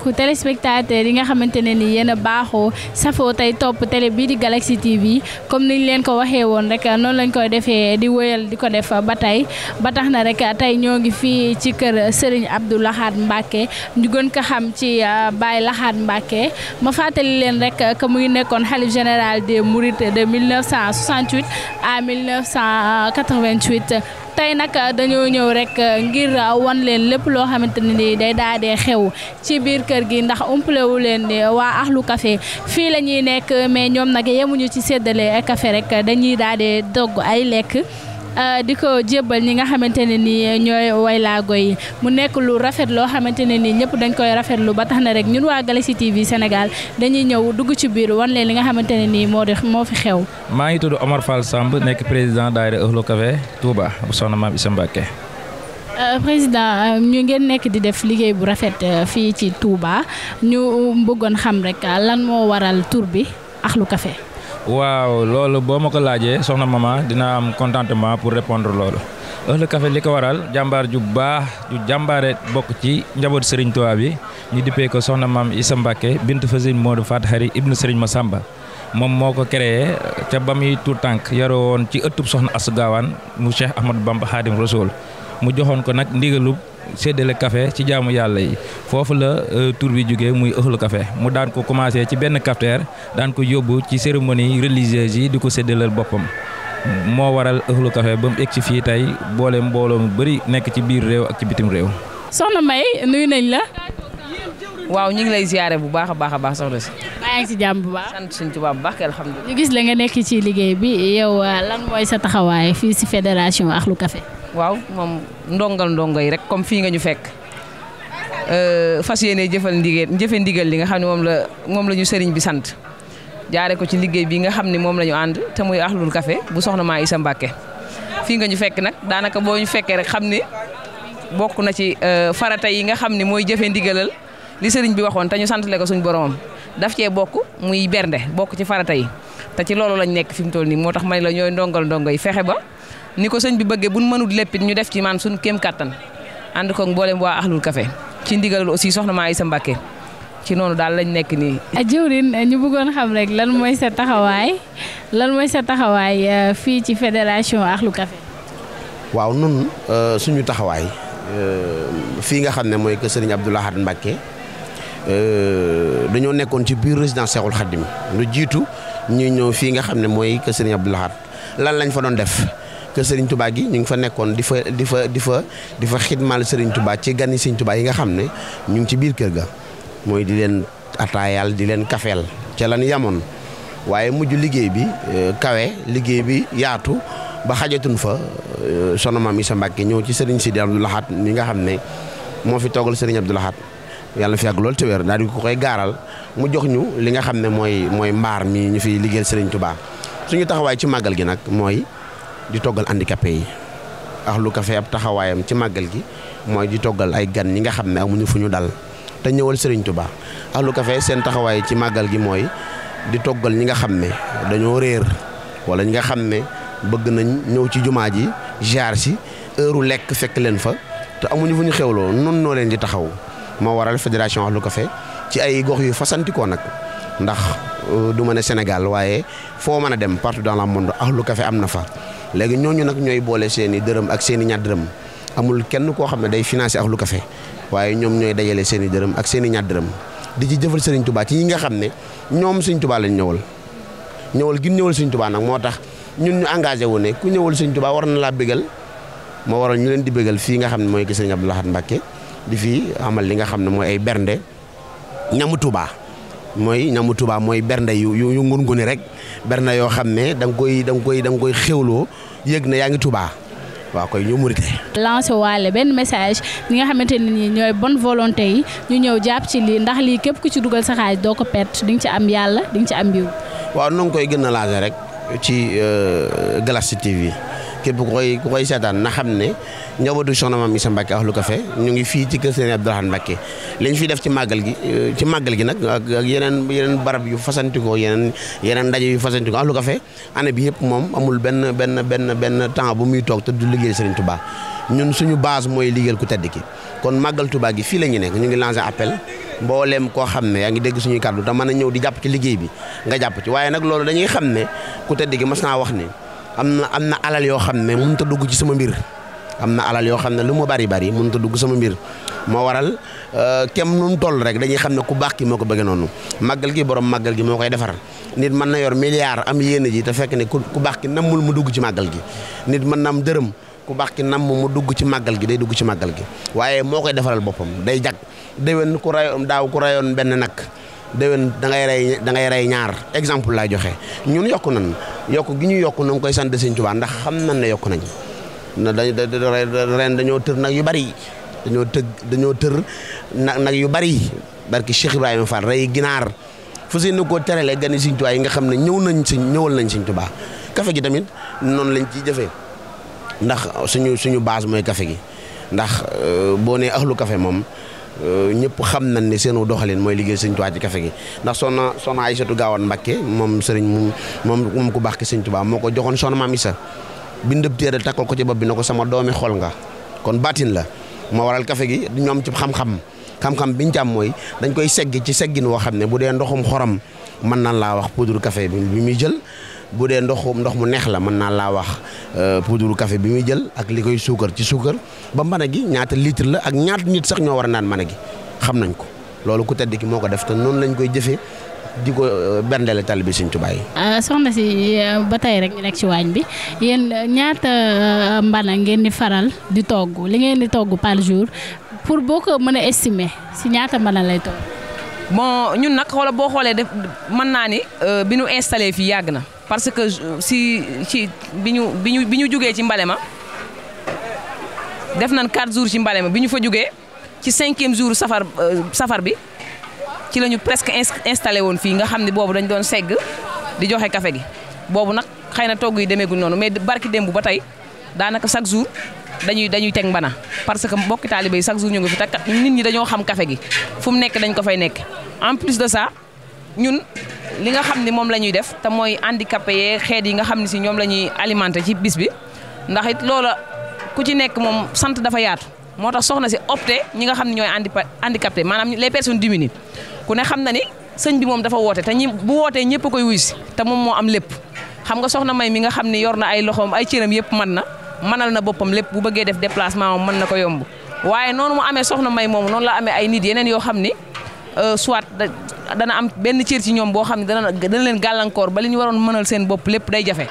mbokku téléspectateurs yi nga xamante ne ni yéen a baaxoo safoo tey topp télé bii di Galaxy TV comme niñ leen ko waxee woon rek noonu lañ koy defee di wëyal di ko def ba tey ba tax na rek tey ñoo ngi fii ci kër Serigne Abdou Lahad Mbacké ñu gën ko xam ci euh, Baye Lahad Mbacké ma fàttali leen rek que mu ngi nekkoon xalif général de Mourides de cent 1968 à 1988. tey nag euh, dañoo ñëw rek euh, ngir euh, wan leen lépp loo xamante ne nii day daa dee xew ci biir kër gi ndax umpalewu leen ni waa Ahlu kafe fii la ñuy nekk mais ñoom nag yemuñu ci séddale kafe rek dañuy daa dee ay lekk Euh, di ko jébbal ñi nga xamante ne nii ñooy waylaago yi mu nekk lu rafet loo xamante ne nii ñëpp dañ koy rafetlu ba tax na rek ñun waa Galaxy TV Sénégal dañuy ñëw dugg ci biir wan li nga xamante ne nii moo di moo fi xew. maa ngi tudd Omar Fall Samb nekk président daayira Euhlou Café Touba bu soxna maam Issa Mbacké. Euh, président euh, ñu ngeen nekk di def liggéey bu rafet fii ci Touba ñu bëggoon xam rek lan moo waral tur bi Euhlou kafe waaw loolu boo ma ko laajee soxna mama dina am contentement pour répondre loolu Euhlou Café li ko waral jàmbaar ju baax ju jàmbaare bokk ci njaboot Serigne Touba bi ñu dippee ko soxna maam Issa Mbacké bintu Fasine Modou Fat Xari ibnu ma Massamba moom moo ko créé ca ba muy tuut tànk yaroo woon ci ëttub soxna Asu Gaawaan mu Cheikh Ahmadou Bamba Xaadim Rasoul mu joxoon ko nag ndigalub séddale kafe ci jaamu yàlla yi foofu la euh, tur bi jógee muy ëxlu kafe mu daan ko commencé ci benn cafetière daan ko yóbbu ci cérémonie religieuse yi di ko séddaleel boppam moo waral ëxlu kafe ba mu egg ci fii tey boole mbooloo mu bari nekk ci biir réew ak ci bitim réew. soxna May nuyu nañ la. waaw ñu ngi lay ziare bu baax a baax a baax soxna si. maa ngi si jàmm bu baax sant suñu tubaab gis la nga nekk ci liggéey bi yow euh, lan mooy sa taxawaay fii si fédération Ahlou Café. waaw moom ndongal ndongo yi rek comme fii nga ñu fekk euh, fas yéene jëfal ndigal jëfe ndigal li nga xam ne moom la moom la ñu sëriñ bi sant jaare ko ci liggéey bi nga xam ni moom la ñu ànd te muy Ahlul Café bu soxna maa Isa Mbàkke fii nga ñu fekk nag daanaka boo ñu fekkee rek xam ne bokk na ci euh, farata yi nga xam ne mooy jëfe li sëriñ bi waxoon te ñu ko suñu boromam daf cee bokk muy bernde bokk ci farata yi te ci loolu lañ nekk fi mu toll nii moo tax ma la ñooy ndongal ndongo yi fexe ba niko ko bi bëggee buñ mënul léppit ñu def ci man suñ kem katan ànd ko mboolem waa Ahlul Café ci ndigalul aussi soxna maa Isa Mbàkke ci noonu daal lañ nekk nii. Ah, jëwrin ñu bëggoon xam rek lan mooy sa taxawaay lan mooy sa taxawaay euh, fii ci fédération Ahlul Café. waaw nun euh, suñu taxawaay euh, fii nga xam ne mooy que sëriñ Abdou Lahad Mbàkke dañoo nekkoon ci biir résidence Seexul Xaddim lu jiitu ñu nga xam ne mooy que sëriñ Abdou Lahad lan lañ fa doon def. kër Serigne Touba gi ñu ngi fa nekkoon di fa di fa di fa di fa xidmaal Serigne Touba ci gan yi Serigne yi nga xam ne ñu ngi ci biir kër ga mooy di leen ataayaal di leen kafeel ca lan yamoon waaye mujj liggéey bi euh, kawe liggéey bi yaatu ba xajatun fa euh, sonu maam Issa Mbacke ñëw ci Serigne Sidi Abdou laxaat mi nga xam ne moo fi toogal Serigne Abdou laxaat yàlla fi yàgg loolu te wér daal di ko koy gaaral mu jox ñu li nga xam ne mooy mooy mbaar mi ñu fi liggéeyal sëriñ Touba suñu taxawaay ci màggal gi nag mooy. di toggal handicapé yi Ahlou Café ab taxawaayam ci màggal gi mooy di toggal ay gan ñi nga xam ne amuñu fu ñu dal te ñëwal Serigne Touba Ahlou Café seen taxawaay ci màggal gi mooy di toggal ñi nga xam ne dañoo réer wala ñi nga xam ne bëgg nañ ñëw ci jumaa ji jaar si heure lekk fekk leen fa te amuñu fu ñu xewloo noonu noo leen di taxaw moo waral fédération Ahlou Café ci ay gox yu fasantikoo nag ndax euh, du ma ne Sénégal waaye foo mën a dem partout dans le monde Ahlou Café am na fa. léegi ñooñu nag ñooy boole seeni dërëm ak seeni i amul kenn koo xam ne day financé ak lu café waaye ñoom ñooy dajale seeni dërëm ak seen i ñaar di ci jëfal Serigne Touba ci ñi nga xam ne ñoom Serigne Touba lañ ñëwal ñëwal gin ñëwal Serigne Touba nag moo tax ñun ñu engagé wu ne ku ñëwal Serigne Touba war na laa bégal moo waral ñu leen di bégal fii nga xam ne mooy ki Serigne Abdou Lahad Mbacké di fii amal li nga xam ne mooy ay bernde ñamu Touba mooy ñamu tubaab mooy bernde yu yu yu ngun-nguni rek bernde yoo xam ne da koy da koy da koy xéwloo yëg na yaa ngi tubaa waaw koy ñu murite lancé waale benn message ñi nga xamante ne nii ñooy bonne volonté yi ñu ñëw jàpp ci lii ndax lii képp ku ci dugal sa doo ko perte di nga ci am yàlla di ci am yiw waaw na koy gën a lancé rek ci euh, Galaxy TV képp ku koy ku seetaan na xam ne njabootu soxna maam Issa Mbacke Ahlou Café ñu ngi fii ci kër Serigne Abdou Rahmane Mbacke li ñu fi def ci màggal gi euh, ci màggal gi nag ak yeneen barab yu fasantikoo yeneen yeneen ndaje yu fasantikoo Ahlou Café année bi yëpp moom amul benn benn benn benn temps bu muy toog te du liggéey Serigne Touba ñun suñu baas mooy liggéeyal ku tedd kon màggal tubaa gi fii la ñu nekk ñu ngi lancé appel mbooleem koo xam ne yaa ngi dégg suñuy kàddu te mën a ñëw di jàpp ci liggéey bi nga jàpp ci waaye nag loolu dañuy xam ne ku tedd gi mas wax ne am na am na alal yoo xam ne mënut ta dugg ci sama mbir am na alal yoo xam ne lu mu bari bari mënut a dugg sama mbir moo waral euh, kem nu mu toll rek dañuy xam ne ku baax ki moo ko bëggee noonu màggal gi borom màggal gi moo koy defar nit mën na yor milliard am yéene ji te fekk ne ku baax ki nammul mu dugg ci màggal gi nit mën na am dërëm ku baax ki namm mu dugg ci màggal gi day dugg ci màggal gi waaye moo koy defaral boppam day jag déwén ku rayoon daaw ku rayoon benn nag déwén da rey da ngay rey ñaar exemple laa joxe ñun yokku nan yokk gi ñu yokk na koy sant Sëñ Tuubaa ndax xam nan ne yokku nañ na da ren dañoo tër nag yu bari dañoo tëg dañoo tër nag nag yu bari barki Cheikh Ibrahima Fall rey ginaar fu si na koo terale gani Sëñ Tuubaa yi nga xam ne ñëw nañ si ñëwal nañ Sëñ Tuubaa kafe gi tamit noonu lañ ciy jëfee ndax suñu suñu base mooy kafe gi ndax euh, boo nee axlu kafe moom Euh, ñëpp xam nañ ne seenu doxalin mooy liggéey sëñ Tuubaa ci kafe gi ndax soxna soxna Aysatu Gaawaan Mbàkke moom sëriñ moom moom ku baax ki sëñ moo ko joxoon soxna maam Isa bindëb téere takkal ko ci bopp bi na ko sama doomi xol nga kon baatin la moo waral kafe gi ñoom ci xam-xam xam-xam biñ ci mooy dañ koy segg ci seggin woo xam ne bu dee ndoxum xorom mën nan laa wax poudre kafe bi muy jël bu dee ndoxum ndox mu neex la mën naa laa wax euh, poudre café bi muy jël ak li koy suukar ci suukar ba mën a gi ñaata litre la ak ñaata nit sax ñoo war naan mën xam nañ ko ku ki def te lañ koy euh, yi. Euh, soxna si ba tey rek ñu nekk ci waañ bi ñaata mbana ngeen di faral di togg li ngeen di togg par jour pour boo estimer si ñaata mbana lay togg. bon ñun nag xoola boo xoolee def mën ni parce que si ci bi ñu bi ñu bi ñu jugee ci Mbalema def nañ 4 jours ci Mbalema bi ñu fa jugee ci cinquième jours safar euh, safar bi ci la ñu presque installé woon fii nga xam ni boobu dañ doon segg di joxe kafe gi boobu nag xëy na togg yi demeegul noonu mais barki démb ba tey daanaka chaque jour dañuy dañuy teg mbana parce que mbokki taalibe yi chaque jour ñu ngi fi takkat nit ñi dañoo xam kafe gi fu mu nekk dañ ko fay nekk en plus de ça ñun li nga xam ni moom la ñuy def te mooy handicapé yee xeet yi nga xam ne si ñoom la ñuy alimenté ci bis bi ndax it loola ku ci nekk moom sant dafa yaatu moo tax soxna si opté ñi nga xam ne ñooy handicapé maanaam les personnes diminues ku ne xam na ni sañ bi moom dafa woote te ñi bu wootee ñëpp koy wuy si te moom moo am lépp xam nga soxna May mi nga xam ni yor na ay loxoom ay cëram yëpp mën na mënal na boppam lépp bu bëggee def déplacement moom mën na ko yomb waaye noonu mu amee soxna May moom noonu la ay nit yeneen yoo xam ni Euh, soit dana am benn cër ci ñoom boo xam ne dana dana leen gàllankoor ba li ñu waroon mënal seen bopp lépp day jafe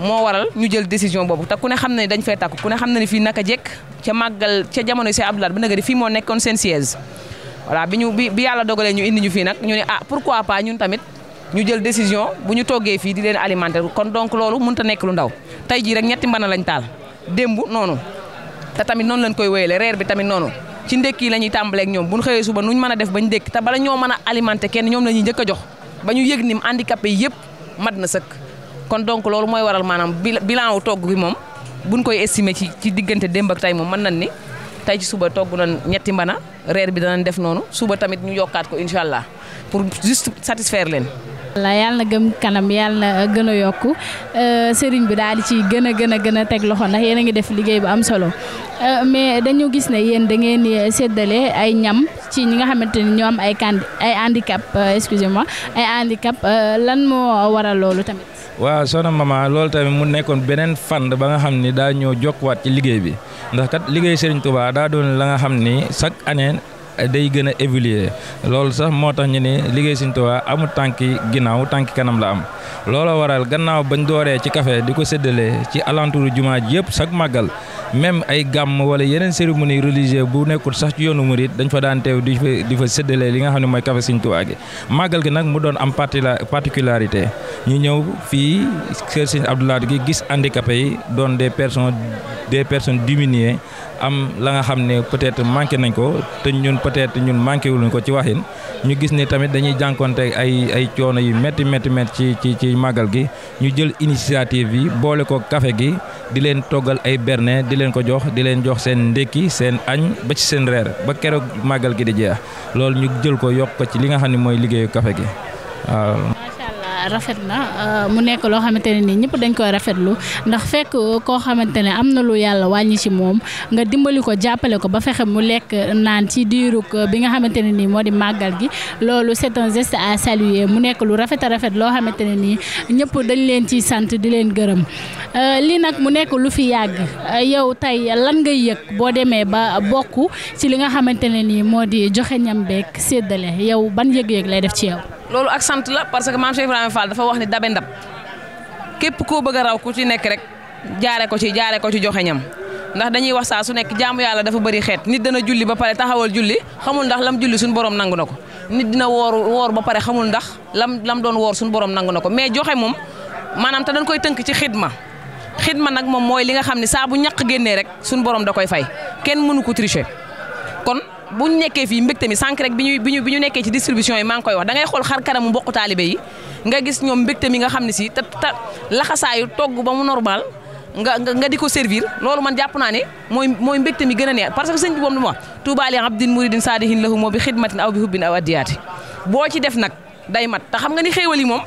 moo waral ñu jël décision boobu te ku ne xam ne dañ fay takku ku ne xam ne fii naka jekk ca màggal ca jamono Cheikh Abdoulaye ba nagari fii moo nekkoon seen siège voilà bi ñu bi bi yàlla dogalee ñu indi ñu fii nag ñu ne ah pour pourquoi pas ñun tamit ñu jël décision bu ñu toggee fii di leen alimentaire kon donc loolu mënut nekk lu ndaw tey jii rek ñetti mbana lañ taal démb noonu te tamit noonu lañ koy wéyalee reer bi tamit noonu. ci ndékk yi la ñuy tàmbaleeg ñoom bu ñu xëyee suba nuñ mën a def bañ ndékk te bala ñoo mën a alimenté kenn ñoom la ñuy njëkk a jox ba ñu yëg ni handicapé yëpp mat na sëkk kon donc loolu mooy waral maanaam bilan wu togg bi moom buñ koy estimé ci ci diggante démb ak tey moom mën nañ ni tey ci suba togg nañ ñetti mbana reer bi danañ def noonu suba tamit ñu yokkaat ko incha allah pour juste satisfaire leen. la yàlla na gëm kanam yàlla na gën a yokku euh, sëriñ bi daal di ci gën gën a gën a teg loxo ndax yéen a ngi def liggéey bu am solo Euh, mais dañu gis ne yéen da ngeen di séddale ay ñam ci ñi nga xamante ni ñoom ay kandi ay handicap euh, excusez ay handicap euh, lan moo waral loolu tamit. waaw soxna mama loolu tamit mu nekkoon beneen fànn ba nga xam ni daa ñëw jokkuwaat ci liggéey bi ndax kat liggéey Serigne Touba daa doon la nga xam ni chaque année. day gën a évoluer loolu sax moo tax ñu ne liggéey Sëriñ Tuubaa amul tànki ginnaaw tànki kanam la am looloo waral gannaaw bañ dooree ci café di ko séddalee ci alentour jumaa ji yëpp chaque màggal même ay gàmm wala yeneen cérémonie religieuse bu nekkul sax ci yoonu murid dañ fa daan teew di fa di fa séddale li nga xam ne mooy café Serigne Touba gi màggal gi nag mu doon am particularité ñu ñëw fii kër Serigne Abdou gi gis handicapé yi doon des personnes des personnes diminuées am la nga xam ne peut-être manqué nañ ko te ñun peut-être ñun manqué wuluñ ko ci waxin ñu gis ni tamit dañuy jànkonte ay ay coono yu métti métti métti ci ci ci màggal gi ñu jël initiative yi boole ko café gi di leen toggal ay leen ko jox di leen jox seen ndékki seen añ ba ci seen reer ba keroog màggal gi di jeex loolu ñu jël ko yokk ko ci li nga xam ne mooy liggéeyu kafe gi waaw rafet na euh, mu nekk loo xamante ne nii ñëpp dañ koy rafetlu ndax fekk koo xamante ne am na lu yàlla wàññi ci moom nga dimbali ko jàppale ko ba fexe mu lekk naan ci diirug euh, bi nga xamante ne nii moo di màggal gi loolu c'est un geste à mu nekk lu rafet a rafet loo xamante ne nii ñëpp dañ leen ci sant di leen gërëm euh, lii nag mu nekk lu fi yàgg yow tey lan ngay yëg boo demee ba bokk ci li nga xamante ne nii moo di joxe ñam séddale yow ban yëg-yëg lay def ci yow. loolu ak sant la parce que maam Cheikh Ibrahima Fall dafa wax ni dabe ndab képp koo bëgg a raw ku ci nekk rek jaare ko ci jaare ko ci joxe ñam ndax dañuy wax saa su nekk jaamu yàlla dafa bëri xeet nit dana julli ba pare taxawal julli xamul ndax lam julli suñu borom nangu na ko nit dina woor woor ba pare xamul ndax lam lam doon woor suñu borom nangu na ko mais joxe moom maanaam te dañ koy tënk ci xidma xidma nag moom mooy li nga xam ne saa bu ñaq génnee rek suñu borom da koy fay kenn mënu ko tricher buñ nekkee fii mbégte mi sànq rek bi ñu bi ñu bi ñu nekkee ci distribution yi maa ngi koy wax da ngay xool xar karamu mbokku taalibe yi nga gis ñoom mbégte mi nga xam ne si te te laxasaayu togg ba mu normal nga nga di ko servir loolu man jàpp naa ne mooy mooy mbégte mi gën a neex parce que sëñ bi moom lu ma wax tuubaali abdin muridin saadihin lahu moo bi xidmatin aw bi hubbin aw addiyaati boo ci def nag day mat te xam nga ni xéewal yi moom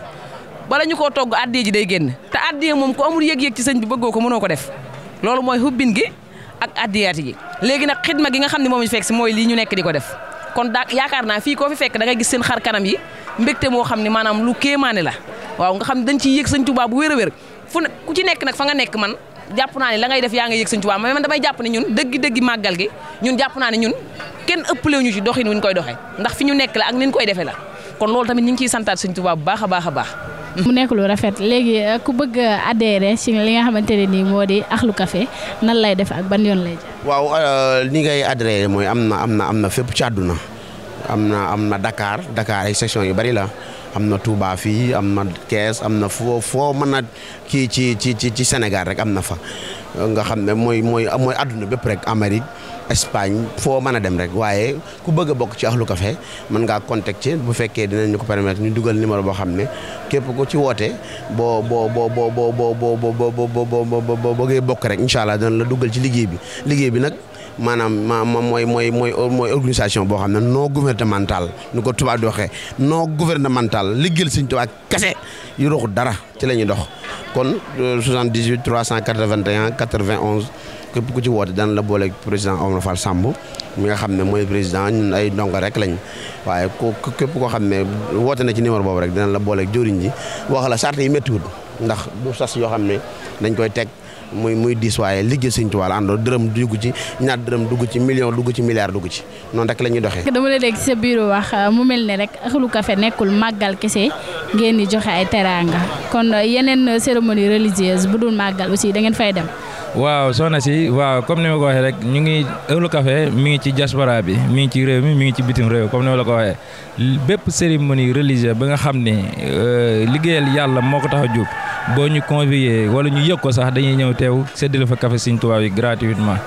bala ñu koo togg addee ji day génn te addee moom ko amul yëg-yëg ci sëñ bi bëggoo ko mënoo ko def loolu mooy hubbin gi ak addiyaat yi léegi nag xidma gi nga xam ne moom ñu fekk si mooy lii ñu nekk di ko def kon daa yaakaar naa fii koo fi fekk da ngay gis seen xar kanam yi mbégte moo xam ne maanaam lu kéemaane la waaw nga xam ne dañ ciy yëg sëñ Tuubaa bu wér a wér ku ci nekk nag fa nga nekk man jàpp naa ne la ngay def yaa nga yëg sëñ ma mais man damay jàpp ne ñun dëgg-dëgg màggal gi ñun jàpp naa ne ñun kenn ëppale ñu ci doxin wuñ koy doxee ndax fi ñu nekk la ak niñ koy defee la kon loolu tamit ñu ngi ciy santaat sëñ Tuubaa bu baax baax a baax mu nekk lu rafet léegi euh, ku bëgg adhéré ci li nga xamante ne nii moo di Akhlou Café nan lay def ak ban yoon lay jaar. waaw euh, ni ngay adhéré mooy am na am na am na fépp ci àdduna am na am na dakaar dakaar ay section yu bari la am na Touba fii am na Thiès am na foo foo mën a kii ci ci ci Sénégal rek am na fa nga xam ne mooy mooy mooy àdduna bépp rek Amérique. Espagne foo mën a dem rek waaye ku bëgg a bokk ci Ahlu Café mën ngaa contacter bu fekkee dinañu ko permettre ñu dugal numéro boo xam ne képp ku ci woote boo boo boo boo boo boo boo boo bëggee bokk rek incha allah dana la dugal ci liggéey bi liggéey bi nag maanaam ma mooy mooy mooy mooy organisation boo xam ne non gouvernementale nu ko tubaab di waxee non gouvernementale liggéeyal Sëñ Tuubaa kese yu roxu dara ci la ñuy dox kon 78 381 91. képp ku ci woote dana la boole président Omar Fall Samb mi nga xam ne mooy président ñun ay ndongo rek lañ waaye képp koo xam ne woote na ci numéro boobu rek dana la boole jëriñ ji wax la sart yi méttiwul ndax du sas yoo xam ne dañ koy teg muy muy diis waaye liggéey Sëñ Tuubaa la àndoo dërëm dugg ci ñaar dërëm dugg ci million dugg ci milliard dugg ci noonu rek la ñuy doxee. dama la dégg sa bureau wax mu mel ne rek Euhlou Café nekkul màggal kese ngeen di joxe ay teraanga kon bu dul màggal aussi da ngeen dem. waaw soxna si waaw comme ni ma ko waxee rek ñu ngi Euhlou Café mi ngi ci diaspora bi mi ngi ci réew mi mi ngi ci bitim réew comme ni ma la ko waxee bépp cérémonie religieuse ba nga xam ne euh, liggéeyal yàlla moo ko tax a jóg boo ñu convier wala ñu yëg ko sax dañuy ñëw teew sedd séddale fa café Sëñ Tuubaa yi gratuitement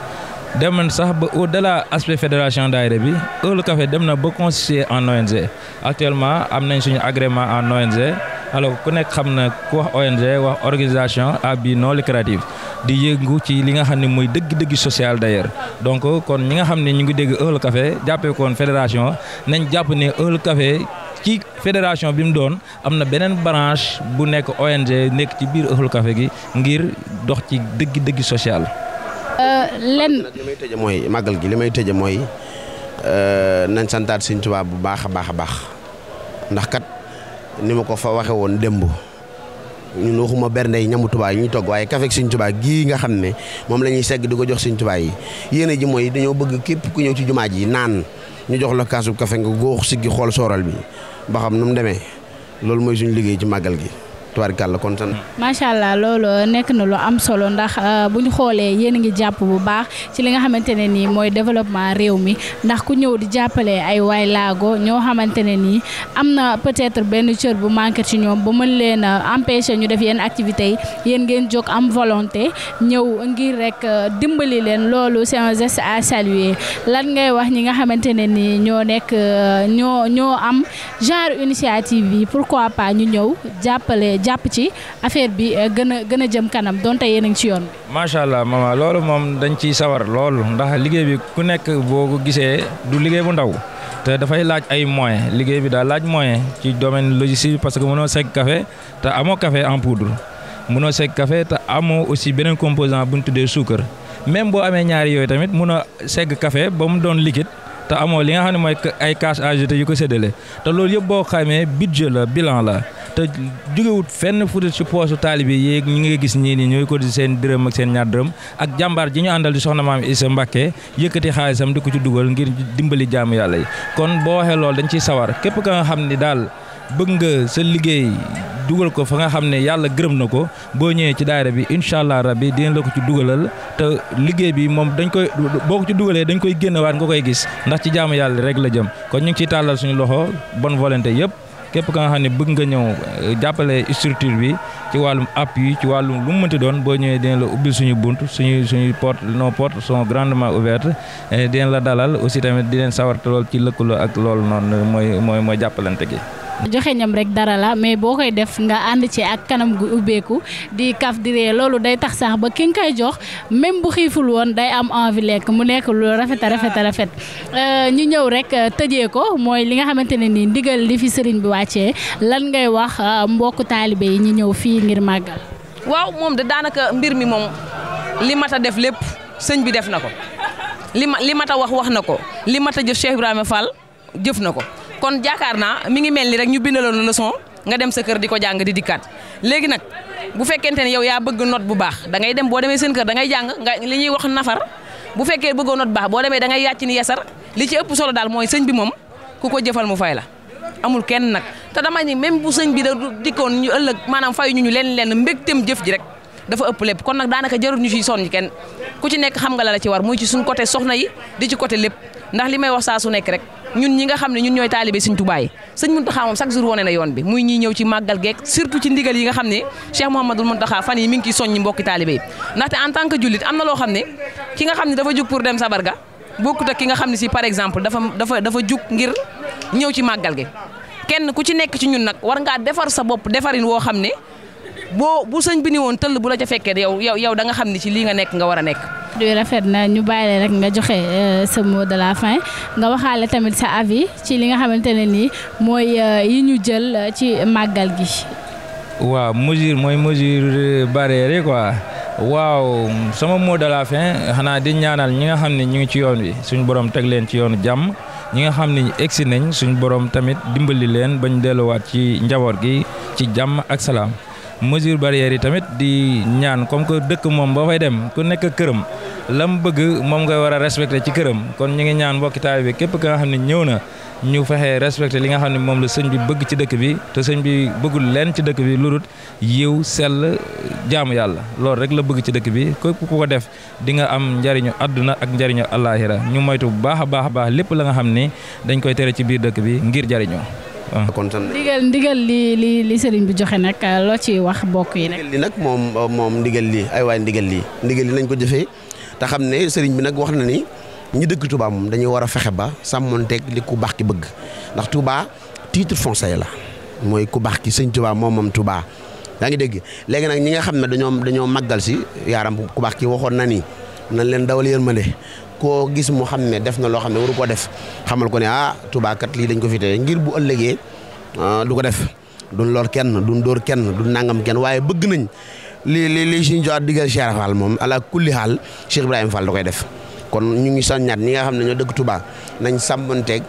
dem na sax ba au delà aspect fédération daayira bi Café dem na ba constitué en ONG actuellement am un suñu agrément en ONG alors ku nekk xam ku wax ONG wax organisation à but non lucratif di yëngu ci li nga xamni moy deug deug social d'ailleurs donc kon ñi nga xamni ñu ngi dégg Euhlou Café jappé kon fédération nañ jàpp ne Euhlou Café ci fédération bi mu doon amna benen branche bu nek ONG nek ci biir Euhlou Café gi ngir dox ci deug deug social. lenn li lemaita tëje mooy màggal gi li may tëje mooy nañ santaat Sëñ Tuubaa bu baax a baax a baax ndax kat ni ma ko fa waxe woon démb ñun waxuma bernde ñamu Tuubaa yi togg waaye kafeeg Sëñ gii nga xam ne moom segg di jox Sëñ Tuubaa yi yéene ji bëgg ku ci ji naan ñu jox la kafe nga góox siggi xool sooral bi ba xam nu mu demee suñu liggéey ci gi tubaarkàlla kon sant. macha allah loolu nekk na lu am solo ndax euh, bu ñu xoolee yéen a ngi jàpp bu baax ci li nga xamante ne nii mooy développement réew mi ndax ku ñëw di jàppale ay waay laago ñoo xamante ne nii am na peut-être benn cër bu manqué ci ñoom ba mën leen a ñu def yenn activité yi yéen ngeen jog am volonté ñëw ngir rek euh, dimbali leen loolu c'est un geste à saluer lan ngay wax ñi nga xamante ne nii ñoo nekk euh, ñoo ñoo am genre initiative yi pourquoi pas ñu ñëw jàppale. jàpp ci affaire bi euh, gën a gën a jëm kanam donte yéen a ci yoon bi. macha allah mama loolu moom dañ ciy sawar loolu ndax liggéey bi ku nekk boo ko gisee du liggéey bu ndaw te dafay laaj ay moyens liggéey bi daal laaj moyen ci domaine logistique parce que mënoo segg kafe te amoo café en poudre mënoo segg kafe te amoo aussi beneen composant bu ñu tuddee suukar même boo amee ñaari yooyu tamit a segg kafe ba mu doon liquide. te amoo li nga xam ne mooy ay cash à jeter yu ko séddale te loolu yëpp boo xamee budget la bilan la te jógewut fenn fudut ci poosu taalibe yi ñi nga gis ñii nii ñooy ko di seen dërëm ak seen ñaar dërëm ak jàmbaar ji ñu àndal di soxna maam Issa Mbacké yëkkati xaalisam di ko ci dugal ngir dimbali jaamu yàlla yi kon boo waxee loolu dañ sawar képp ka nga xam ni daal bëgg nga sa liggéey dugal ko fa nga xam ne yàlla gërëm na ko boo ñëwee ci daare bi incha rab bi dina la ko ci dugalal te liggéey bi moom dañ koy boo ko ci dugalee dañ koy génnewaat nga koy gis ndax ci jaamu yàlla rek la jëm kon ñu ngi ciy tàllal suñu loxo bon volonté yëpp képp ka nga xam ne bëgg nga ñëw eh, jàppale structure bi ci wàllum appui ci wàllum lu mu mënti doon boo ñëwee dina la ubbil suñu bunt suñu suñu porte nos portes sont grandement ouvertes eh, dina la dalal aussi tamit di leen sawar lool ci lëkkaloo ak loolu noonu mooy mooy mooy jàppalante gi joxe ñam rek dara la mais boo koy def nga ànd ci ak kanam gu ubbeeku di kaf di ree loolu day tax sax ba ki nga koy jox même bu xiiful woon day am envie lekk mu nekk lu rafet a rafet a rafet euh, ñu ñëw rek euh, tëje ko mooy li nga xamante ne nii ndigal li fi sëriñ bi wàccee lan ngay wax euh, mbokk taalibe yi ñu ñëw fii ngir màggal. waaw moom de daanaka mbir mi moom li mat a def lépp sëñ bi def na ko li ma li mat a wax wax na ko li mat a jëf Cheikh Ibrahima fal jëf na ko. kon jaakaar naa mi ngi mel ni rek ñu bindaloon leçon nga dem sa kër di ko jàng di dikkaat léegi nag bu fekkente ne yow yaa bëgg note bu baax da dem boo demee seen kër da ngay jàng nga li ñuy wax nafar bu fekkee bëggoo note bu boo demee da ngay ni yasar li ci ëpp solo daal mooy sëñ bi moom ku ko jëfal mu fay la amul kenn nag te dama ni même bu sëñ bi da dikkoon ñu ëllëg maanaam fayu ñu ñu leen leen mbégteem jëf ji rek dafa ëpp lépp kon nag daanaka jarul ñu ciy sonn kenn ku ci nekk xam nga la la ci war muy ci suñ côté soxna yi di ci côté lépp ndax li may wax saa su nekk rek ñun ñi nga xam ne ñun ñooy taalibe Sëñ Tuubaa yi Sëñ Muntaxa moom chaque wone na yoon bi muy ñiy ñëw ci màggal geek surtout ci ndigal yi nga xam ne Cheikh Mouhamadul Muntaxa fan yi mi ngi ciy soññi mbokki taalibe yi ndaxte en tant que jullit am na loo xam ne ki nga xam ne dafa jug pour dem sabar ga bokkut ak ki nga xam ne si par exemple dafa dafa dafa jug ngir ñëw ci màggal gi kenn ku ci nekk ci ñun nag war ngaa defar sa bopp defarin woo xam ne boo bu sëñ bi ni woon tëll bu la ca fekkee yow yow yow da xam ni ci lii nga nekk nga war a nekk. du rafet na ñu bàyyi rek nga joxe sa euh, mot de la fin nga waxaale tamit sa avis ci li nga xamante ne nii mooy euh, yi ñu jël euh, ci màggal gi. waaw mesure mooy mesure barrière yi quoi waaw sama mot de la fin xanaa di ñaanal ñi nga xam ne ñu ngi ci yoon wi suñu borom teg leen ci yoonu jàmm. ñi nga xam ne egsi nañ suñu borom tamit dimbali leen bañ delluwaat ci njaboot gi ci jàmm ak salaam. mesure barrière yi tamit di ñaan comme que dëkk moom boo fay dem ku nekk këram lam bëgg moom nga war a respecté ci këram kon ñu ngi ñaan mbokki taalibe képp ka nga xam ne ñëw na ñu fexe respecté li nga xam ne moom la sëñ bi bëgg ci dëkk bi te sëñ bi bëggul leen ci dëkk bi lu yiw sell jaamu yàlla loolu rek la bëgg ci dëkk bi képp ku ko def di nga am njariñu àdduna ak njariñu àllaaxira ñu moytu bu baax a baax a baax lépp la nga xam ni dañ koy tere ci biir dëkk bi ngir jariñoo kontaan ndigal ndigal li li li sëriñ bi joxe nag euh, loo ciy wax bokk yi nag. ndigal nag moom moom ndigal li ay waay ndigal li ndigal li nañ ko jëfee te xam ne sëriñ bi nag wax na ni ñu dëkk Touba moom dañuy war a fexe ba sàmmonteeg li ku baax ki bëgg ndax tubaa Touba titre foncier la mooy ku baax ki sëñ Touba moom moom Touba. daa ngi dégg léegi nag ñi nga xam ne dañoo dañoo màggal si yaaram ku baax ki waxoon na nii nañ leen dawal yërmande ko gis mu xam ne def na lo xam ne waru ko def xamal ko ne ah tuba kat li dañ ko fi teye ngir bu ëllëgee ah, du ko def duñ lor kenn duñ dor kenn duñ nangam kenn waaye bëgg nañ li li li suñ jox digal Cheikh Fall moom ala kulli hal, Cheikh Ibrahima Fall da def kon ñu ngi soññaat ñi nga xam neng ñoo dëkk Touba nañ sàmmanteeg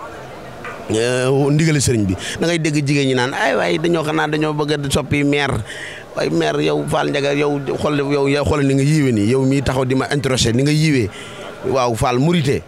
eh, ndigali sëriñ bi da ngay dégg jigéen ñi naan ay waay dañoo xanaa dañoo bëgg a soppi mer waaye maire yow Fall Ndiaga yow xool yow yow xool ni nga yiiwee nii yow mi taxaw di ma interroger ni nga waaw Fall murite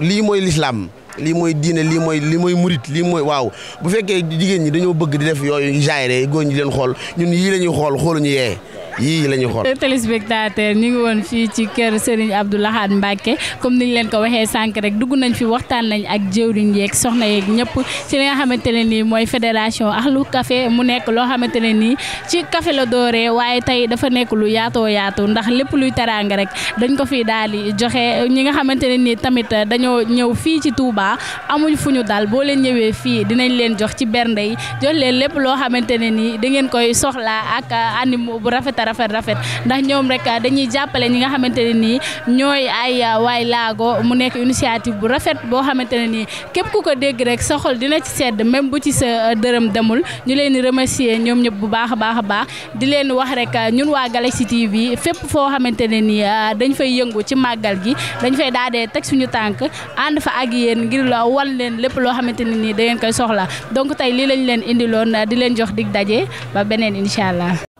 lii mooy lislaam lii mooy diine lii mooy lii mooy murit lii mooy waaw bu fekkee jigéen ñi dañoo bëgg di def yooyu jaayre góor ñi leen xool ñun yii la ñuy xool ñu yee yii la ñuy xool. téléspectateur ñu ngi woon fii ci kër Serigne Abdou Lahad Mbacké comme niñ leen ko waxee sànq rek dugg nañ fi waxtaan nañ ak jëwriñ yeeg soxna yeeg ñëpp ci li nga xamante ne nii mooy fédération Ahlou Café mu nekk loo xamante ne nii ci café la dooree waaye tey dafa nekk lu yaatoo yaatu ndax lépp luy teraanga rek dañ ko fi daal di joxe ñi nga xamante ne nii tamit dañoo ñëw fii ci Touba amuñ fu ñu dal boo leen ñëwee fii dinañ leen jox ci bernde yi jox da rafet rafet ndax ñoom rek ah, dañuy jàppale ñi nga xamante ne nii ñooy ay ah, waay laago mu nekk initiative bu rafet boo xamante ne nii képp ku ko dégg rek sa dina sedd même bu ci sa ah, dërëm demul ñu leen di remercier ñoom ñëpp bu baax a baax a baax di leen wax rek ñun waa Galaxy TV fépp foo xamante ne nii dañ fay yëngu ci màggal gi dañ fay daa teg suñu tànk ànd fa ak yéen ngir la wan leen lépp loo xamante ne nii da koy soxla donc tey lii lañ leen indiloon di leen jox dig daje ba beneen incha allah